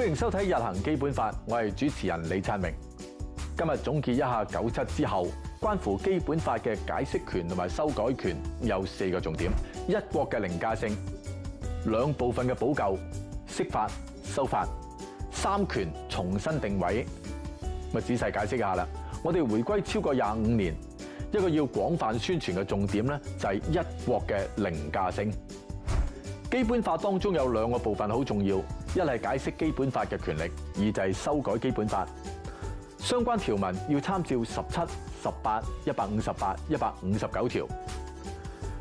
歡迎收睇《日行基本法》，我係主持人李燦明。今日總結一下九七之後關乎基本法嘅解釋權同埋修改權有四個重點：一國嘅凌駕性、兩部分嘅補救、釋法、修法、三權重新定位。咁啊，仔細解釋下啦。我哋回歸超過廿五年，一個要廣泛宣傳嘅重點咧，就係一國嘅凌駕性。基本法當中有兩個部分好重要，一係解釋基本法嘅權力，二就係修改基本法相關條文，要參照十七、十八、一百五十八、一百五十九條。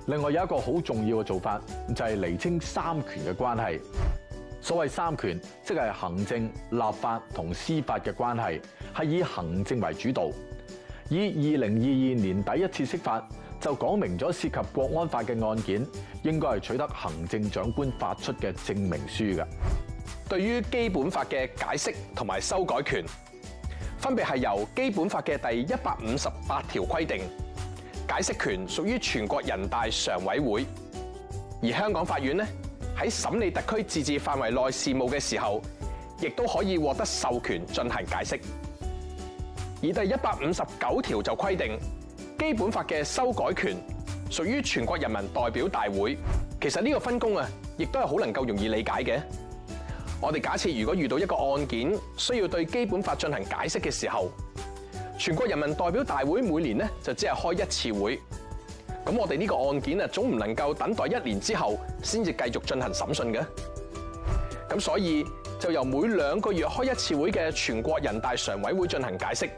另外有一個好重要嘅做法，就係釐清三權嘅關係。所謂三權，即係行政、立法同司法嘅關係，係以行政為主導。以二零二二年第一次釋法，就講明咗涉及國安法嘅案件，應該係取得行政長官發出嘅證明書㗎。對於基本法嘅解釋同埋修改權，分別係由基本法嘅第一百五十八條規定，解釋權屬於全國人大常委會，而香港法院呢，喺審理特區自治範圍內事務嘅時候，亦都可以獲得授權進行解釋。而第一百五十九條就規定。基本法嘅修改權屬於全國人民代表大會。其實呢個分工啊，亦都係好能夠容易理解嘅。我哋假設如果遇到一個案件需要對基本法進行解釋嘅時候，全國人民代表大會每年咧就只係開一次會，咁我哋呢個案件啊，總唔能夠等待一年之後先至繼續進行審訊嘅。咁所以就由每兩個月開一次會嘅全國人大常委會進行解釋，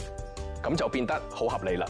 咁就變得好合理啦。